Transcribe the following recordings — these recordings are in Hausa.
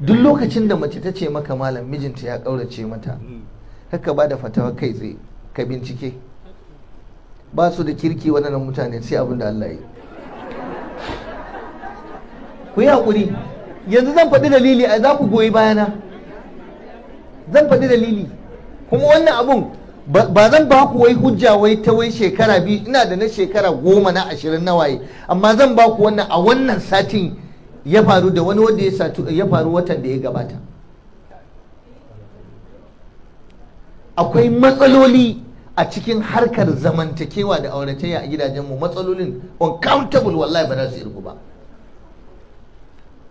duk lokacin da mace ta ce maka malam mijinta ya ƙaurace mata haka ba da fatawa kai tsaye ka bincike ba su da kirki waɗannan mutane sai abin da Allah yi ku yi haƙuri yanzu zan faɗi dalili a za ku goyi bayana zan faɗi dalili kuma wannan abun ba zan ba ku wai hujja wai ta wai shekara biyu ina da na shekara goma na ashirin na waye amma zan ba ku wannan a wannan satin ya faru da wani wanda ya faru watan da ya gabata akwai matsaloli a cikin harkar zamantakewa da auratayya a gidajenmu matsalolin uncountable wallahi ba za su irgu ba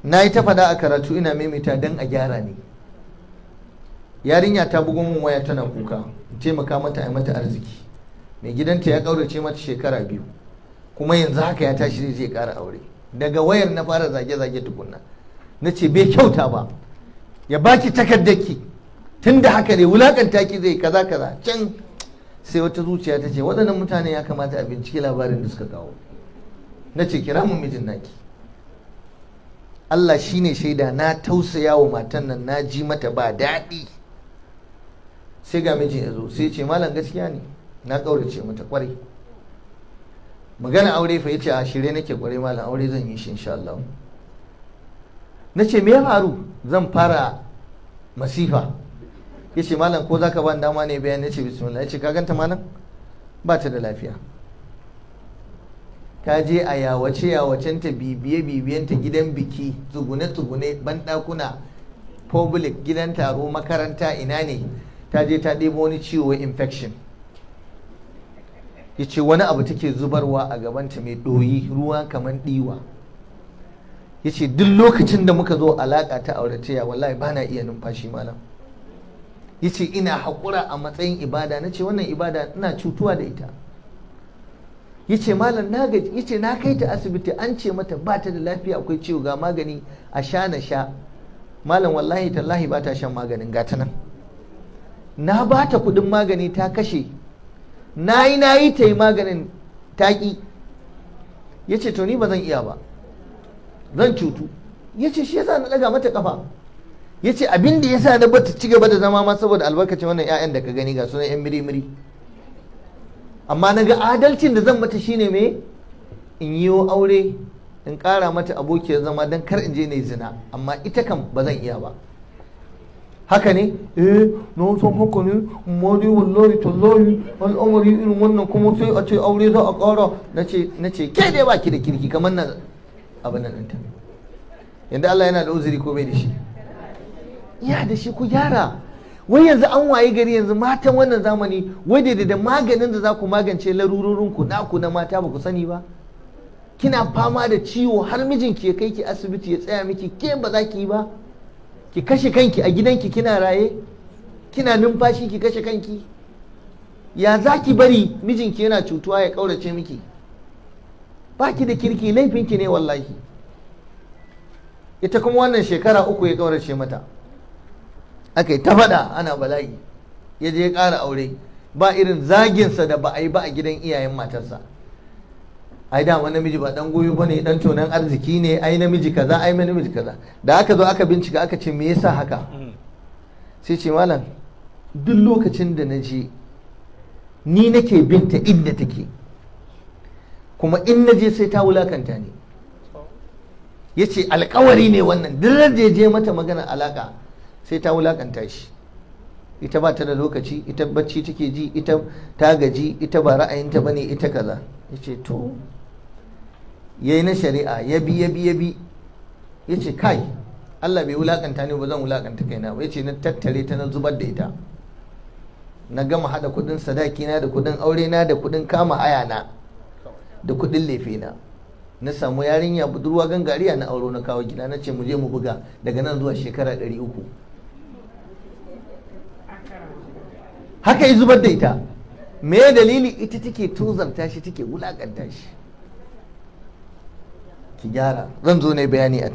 na yi ta fada a karatu ina maimaita don a gyara ne yarinya ta bugun mun waya tana kuka taimaka mata a mata arziki mai gidanta ya ƙaurace mata shekara biyu kuma yanzu haka ya tashi zai kara aure daga wayar na fara zage-zage tukuna. na ce bai kyauta ba ya baki takardaki tun da haka ne wulakanta ki zai kaza kaza can sai wata zuciya ta ce waɗannan mutane ya kamata a binciki labarin da suka kawo na ce kira mu mijin naki Allah shine shaida na tausaya wa matan nan na ji mata ba daɗi sai ga mijin ya zo sai ce malam gaskiya ne na ƙaurace mata ƙwarai magana aure fa yace a shirye nake kware malam aure zan yi shi insha Allah na me ya faru zan fara masifa yace ce malam ko zaka ban dama ne bayan nace ce bismillah ya ka ganta malam ba ta da lafiya ta je a yawace yawacenta bibiye bibiyenta gidan biki tsugune tsugune banɗakuna public gidan taro makaranta ina ne ta je ta ɗebo wani ciwo infection ya ce wani abu take zubarwa a gabanta mai ɗoyi ruwa kamar ɗiwa ya ce duk lokacin da muka zo alaƙa ta auratayya wallahi ba na iya numfashi malam ya ce ina haƙura a matsayin ibada na ce wannan ibada ina cutuwa da ita ya ce malam na ya ce na kai ta asibiti an ce mata ba ta da lafiya akwai ciwo ga magani a sha na sha malam wallahi tallahi ba ta shan maganin gata na ba ta kuɗin magani ta kashe na yi na yi ta yi maganin taƙi ya ce to ni ba zan iya ba zan cutu ya ce shi yasa na ɗaga mata kafa ya ce abin da yasa na bata ci gaba da zama ma saboda albarkacin wannan 'ya'yan da ka gani ga sunan 'yan mirimiri amma na ga adalcin da zan mata shine me in yi aure in ƙara mata abokiyar zama don kar in je na zina amma ita kam ba zan iya ba haka ne eh na son haka ne mori wallahi tallahi al'amari irin wannan kuma sai a ce aure za a ƙara na ce ke dai baki da kirki kamar na abin nan ɗinta yadda Allah yana da uzuri ko bai da shi ya da shi ku gyara wai yanzu an waye gari yanzu matan wannan zamani wai da maganin da za ku magance larurorin ku ku na mata ba ku sani ba kina fama da ciwo har mijinki ya kai ki asibiti ya tsaya miki ke ba za ki yi ba ki kashe kanki a gidanki kina raye kina numfashi ki kashe kanki ya za ki bari mijinki yana cutuwa ya ƙaurace miki ba ki da kirki laifinki ne wallahi ita kuma wannan shekara uku ya ƙaurace mata aka yi ta faɗa ana bala'i ya je ya ƙara aure ba irin zaginsa da ba a yi ba a gidan iyayen matarsa ai dama namiji ba dan goyo bane dan tonan arziki ne ai namiji kaza ai namiji kaza da aka zo aka bincika aka ce me yasa haka sai ce malam duk lokacin da na je ni nake binta inda take kuma in na je sai ta wulakanta ni ya ce alkawari ne wannan duk da je mata magana alaka sai ta wulakanta shi ita ba ta da lokaci ita bacci take ji ita ta gaji ita ba ra'ayinta bane ita kaza ya ce to ya yi na shari'a ya bi ya bi ya bi ya ce kai Allah bai wulakanta ne ba zan wulakanta kaina ba ya ce na tattare ta na zubar da ita na gama hada kudin sadaki na da kudin aure na da kudin kama aya na da kudin lefe na na samu yarinya budurwa gangariya na auro na kawo gida na ce mu je mu buga daga nan zuwa shekara ɗari uku haka yi zubar da ita me dalili ita take tozarta shi take wulakanta shi ki gyara zan zo ne bayani a